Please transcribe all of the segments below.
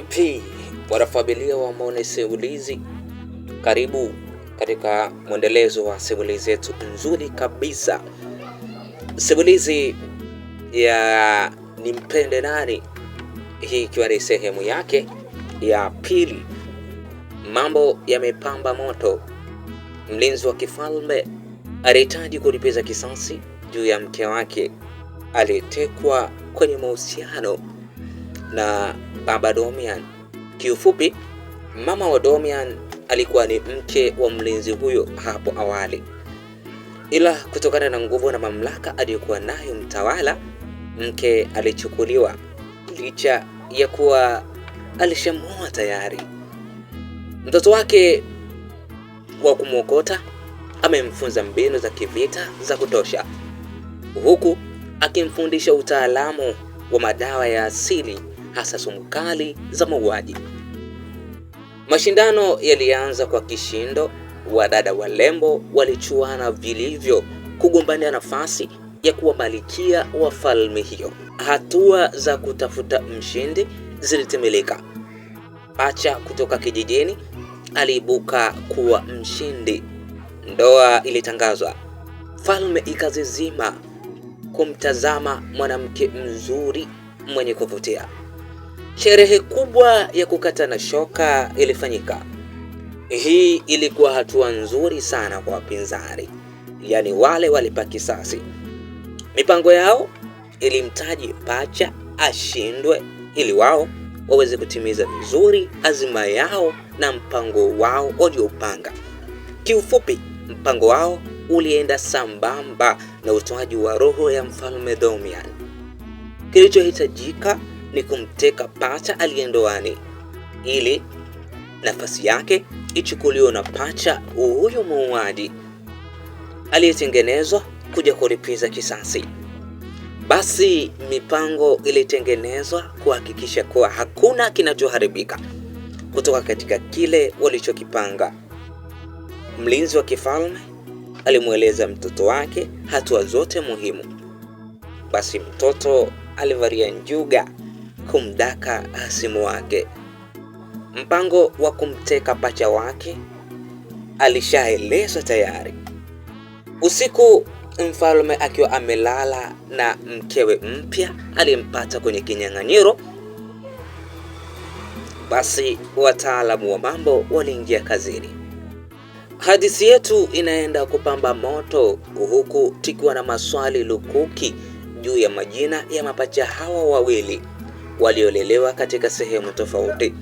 Vipi wanafamilia wa Mone Simulizi, karibu katika mwendelezo wa simulizi yetu nzuri kabisa, simulizi ya Nimpende Nani, hii ikiwa ni sehemu yake ya pili. Mambo yamepamba moto. Mlinzi wa kifalme alihitaji kulipiza kisasi juu ya mke wake aliyetekwa kwenye mahusiano na baba Domian. Kiufupi, mama wa Domian alikuwa ni mke wa mlinzi huyo hapo awali, ila kutokana na nguvu na mamlaka aliyokuwa nayo mtawala, mke alichukuliwa licha ya kuwa alishamua tayari. Mtoto wake wa kumwokota amemfunza mbinu za kivita za kutosha, huku akimfundisha utaalamu wa madawa ya asili hasa sumu kali za mauaji. Mashindano yalianza kwa kishindo, wadada walembo walichuana vilivyo kugombania nafasi ya kuwa malikia wa falme hiyo. Hatua za kutafuta mshindi zilitimilika. Pacha kutoka kijijini aliibuka kuwa mshindi. Ndoa ilitangazwa, falme ikazizima kumtazama mwanamke mzuri mwenye kuvutia. Sherehe kubwa ya kukatana shoka ilifanyika. Hii ilikuwa hatua nzuri sana kwa wapinzani, yaani wale walipa kisasi. Mipango yao ilimtaji pacha ashindwe ili wao waweze kutimiza vizuri azima yao na mpango wao waliopanga Kiufupi, mpango wao ulienda sambamba na utoaji wa roho ya mfalme domian Kilichohitajika ni kumteka pacha aliye ndoani ili nafasi yake ichukuliwe na pacha huyo muuaji aliyetengenezwa kuja kulipiza kisasi. Basi mipango ilitengenezwa kuhakikisha kuwa hakuna kinachoharibika kutoka katika kile walichokipanga. Mlinzi wa kifalme alimweleza mtoto wake hatua zote muhimu. Basi mtoto alivalia njuga kumdaka hasimu wake. Mpango wa kumteka pacha wake alishaelezwa tayari. Usiku mfalme akiwa amelala na mkewe mpya aliyempata kwenye kinyang'anyiro, basi wataalamu wa mambo waliingia kazini. Hadithi yetu inaenda kupamba moto, huku tikiwa na maswali lukuki juu ya majina ya mapacha hawa wawili waliolelewa katika sehemu tofauti.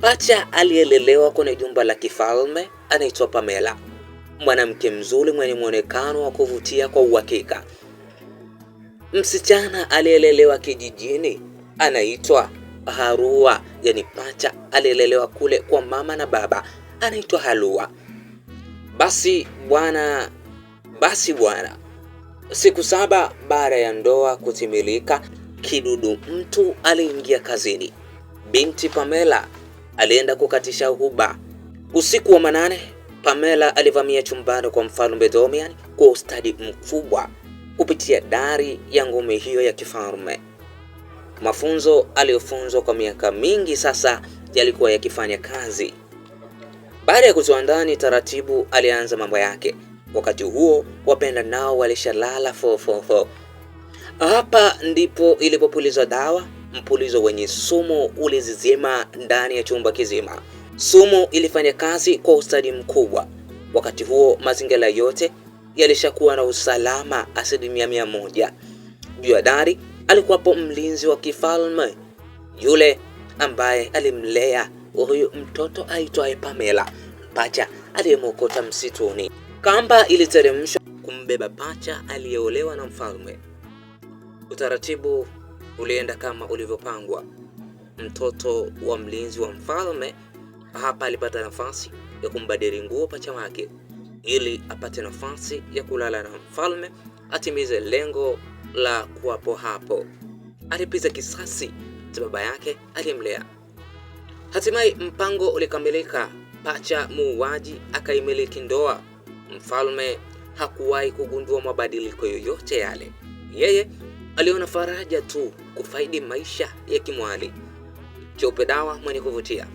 Pacha aliyelelewa kwenye jumba la kifalme anaitwa Pamela, mwanamke mzuri mwenye mwonekano wa kuvutia kwa uhakika. Msichana aliyelelewa kijijini anaitwa Harua, yani pacha aliyelelewa kule kwa mama na baba anaitwa Halua. Basi bwana, basi bwana, siku saba baada ya ndoa kutimilika kidudu mtu aliingia kazini. Binti Pamela alienda kukatisha uhuba. Usiku wa manane, Pamela alivamia chumbani kwa Mfalme Damian kwa ustadi mkubwa kupitia dari ya ngome hiyo ya kifalme. Mafunzo aliyofunzwa kwa miaka mingi sasa yalikuwa yakifanya kazi. Baada ya kutoa ndani taratibu, alianza mambo yake. Wakati huo wapenda nao walishalala fofofo. Hapa ndipo ilipopulizwa dawa, mpulizo wenye sumu ulizizima ndani ya chumba kizima. Sumu ilifanya kazi kwa ustadi mkubwa. Wakati huo mazingira yote yalishakuwa na usalama asilimia mia moja. Juu ya dari alikuwapo mlinzi wa kifalme, yule ambaye alimlea huyu mtoto aitwaye Pamela, pacha aliyemwokota msituni. Kamba iliteremshwa kumbeba pacha aliyeolewa na mfalme. Utaratibu ulienda kama ulivyopangwa. Mtoto wa mlinzi wa mfalme hapa alipata nafasi ya kumbadili nguo pacha wake ili apate nafasi ya kulala na mfalme, atimize lengo la kuwapo hapo, alipiza kisasi cha baba yake aliyemlea. Hatimaye mpango ulikamilika, pacha muuaji akaimiliki ndoa. Mfalme hakuwahi kugundua mabadiliko yoyote yale, yeye aliona faraja tu kufaidi maisha ya kimwali. Cheupe dawa mwenye kuvutia,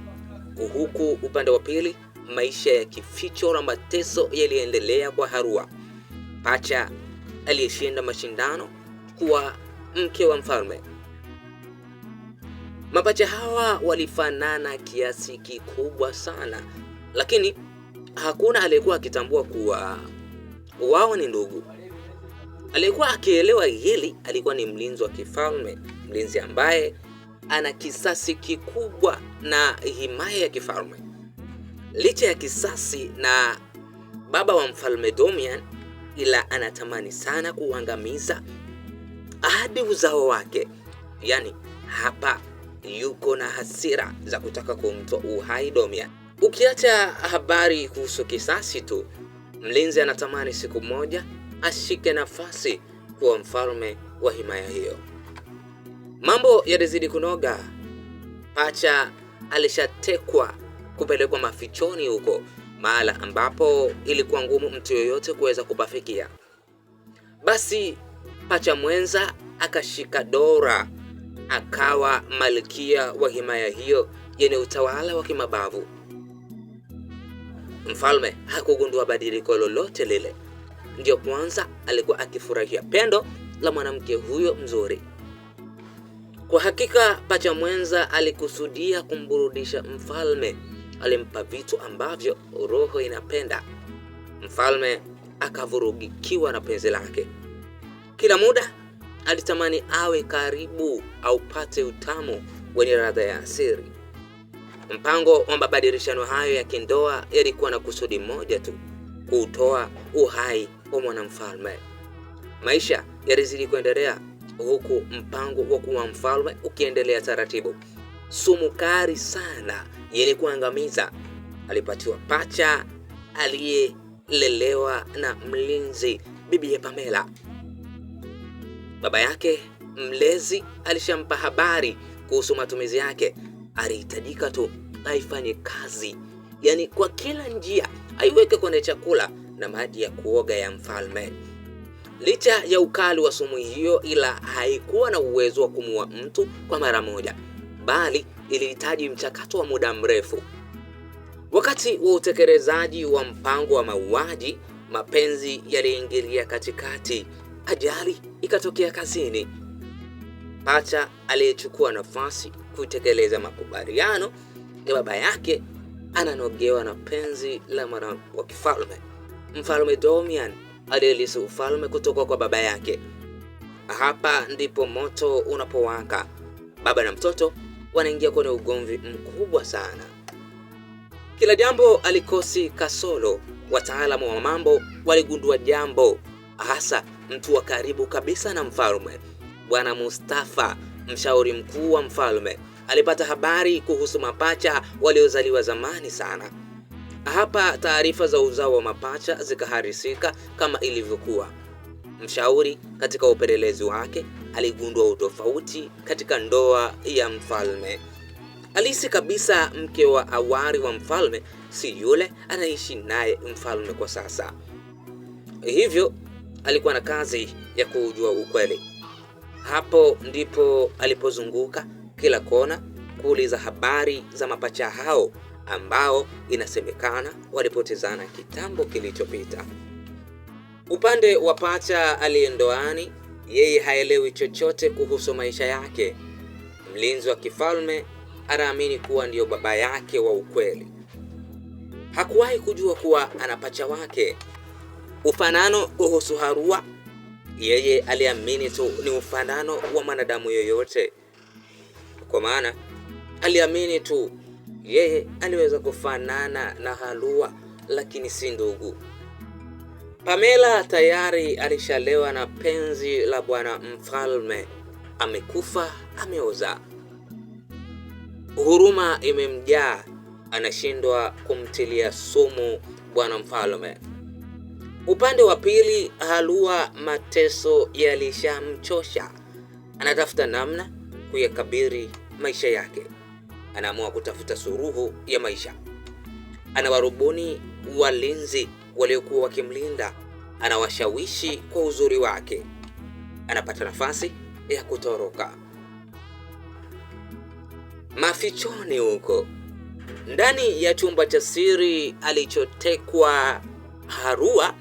huku upande wa pili maisha ya kificho na mateso yaliendelea kwa Harua, pacha aliyeshinda mashindano kuwa mke wa mfalme. Mapacha hawa walifanana kiasi kikubwa sana, lakini hakuna aliyekuwa akitambua kuwa wao ni ndugu. Aliyekuwa akielewa hili alikuwa ni mlinzi wa kifalme, mlinzi ambaye ana kisasi kikubwa na himaya ya kifalme. Licha ya kisasi na baba wa mfalme Domian, ila anatamani sana kuangamiza hadi uzao wake. Yaani hapa yuko na hasira za kutaka kumtoa uhai Domitian. Ukiacha habari kuhusu kisasi tu, mlinzi anatamani siku moja ashike nafasi kuwa mfalme wa himaya hiyo. Mambo yalizidi kunoga. Pacha alishatekwa kupelekwa mafichoni huko, mahala ambapo ilikuwa ngumu mtu yoyote kuweza kupafikia. Basi pacha mwenza akashika dora, akawa malkia wa himaya hiyo yenye utawala wa kimabavu. Mfalme hakugundua badiliko lolote lile ndiyo kwanza alikuwa akifurahia pendo la mwanamke huyo mzuri. Kwa hakika pacha mwenza alikusudia kumburudisha mfalme, alimpa vitu ambavyo roho inapenda. Mfalme akavurugikiwa na penzi lake, kila muda alitamani awe karibu aupate utamu wenye ladha ya asiri Mpango wa mabadilishano hayo ya kindoa yalikuwa na kusudi moja tu, kuutoa uhai wa mwanamfalme. Maisha yalizidi kuendelea huku mpango wa kuwa mfalme ukiendelea taratibu. Sumu kali sana yenye kuangamiza alipatiwa pacha aliyelelewa na mlinzi bibiye Pamela. Baba yake mlezi alishampa habari kuhusu matumizi yake, alihitajika tu aifanye kazi, yaani kwa kila njia aiweke kwenye chakula na maji ya kuoga ya mfalme. Licha ya ukali wa sumu hiyo, ila haikuwa na uwezo wa kumua mtu kwa mara moja, bali ilihitaji mchakato wa muda mrefu. Wakati wa utekelezaji wa mpango wa mauaji, mapenzi yaliingilia katikati. Ajali ikatokea kazini. Pacha aliyechukua nafasi kutekeleza makubaliano ya baba yake ananogewa na penzi la mwana wa kifalme. Mfalme Domian aliyelisi ufalme kutoka kwa baba yake. Hapa ndipo moto unapowaka. Baba na mtoto wanaingia kwenye ugomvi mkubwa sana. Kila jambo alikosi kasoro. Wataalamu wa mambo waligundua jambo, hasa mtu wa karibu kabisa na mfalme, Bwana Mustafa, mshauri mkuu wa mfalme, alipata habari kuhusu mapacha waliozaliwa zamani sana. Hapa taarifa za uzao wa mapacha zikaharisika kama ilivyokuwa. Mshauri katika upelelezi wake aligundua utofauti katika ndoa ya mfalme. Alihisi kabisa mke wa awali wa mfalme si yule anaishi naye mfalme kwa sasa. Hivyo alikuwa na kazi ya kujua ukweli. Hapo ndipo alipozunguka kila kona kuuliza habari za mapacha hao ambao inasemekana walipotezana kitambo kilichopita. Upande wa pacha aliyendoani yeye haelewi chochote kuhusu maisha yake. Mlinzi wa kifalme anaamini kuwa ndiyo baba yake wa ukweli. Hakuwahi kujua kuwa ana pacha wake. Ufanano kuhusu Harua, yeye aliamini tu ni ufanano wa mwanadamu yoyote, kwa maana aliamini tu yeye aliweza kufanana na Halua lakini si ndugu. Pamela tayari alishalewa na penzi la bwana mfalme, amekufa ameoza. Huruma imemjaa, anashindwa kumtilia sumu bwana mfalme. Upande wa pili, Halua mateso yalishamchosha, anatafuta namna kuyakabiri maisha yake anaamua kutafuta suruhu ya maisha. Anawarubuni walinzi waliokuwa wakimlinda, anawashawishi kwa uzuri wake, anapata nafasi ya kutoroka mafichoni huko ndani ya chumba cha siri alichotekwa Harua.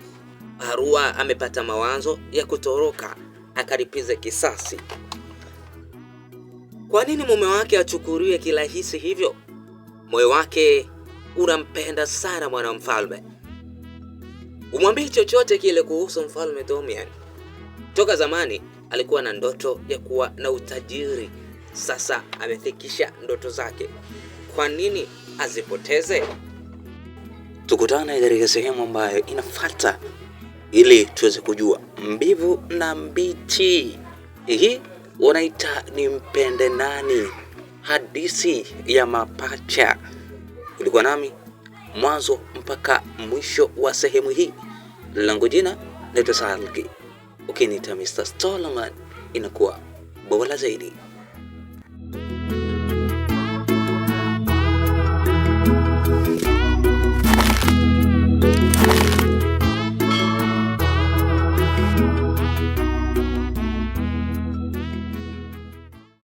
Harua amepata mawazo ya kutoroka akalipiza kisasi. Kwa nini mume wake achukuliwe kirahisi hivyo? Moyo wake unampenda sana mwanamfalme. Umwambie chochote kile kuhusu mfalme Domian. Toka zamani alikuwa na ndoto ya kuwa na utajiri, sasa amefikisha ndoto zake. Kwa nini azipoteze? Tukutane katika sehemu ambayo inafuata ili tuweze kujua mbivu na mbichi. Hii ni nimpende nani, hadisi ya mapacha. Ulikuwa nami mwanzo mpaka mwisho wa sehemu hii. Langu jina naitwa Salki, ukiniita Mr Stolman inakuwa bora zaidi.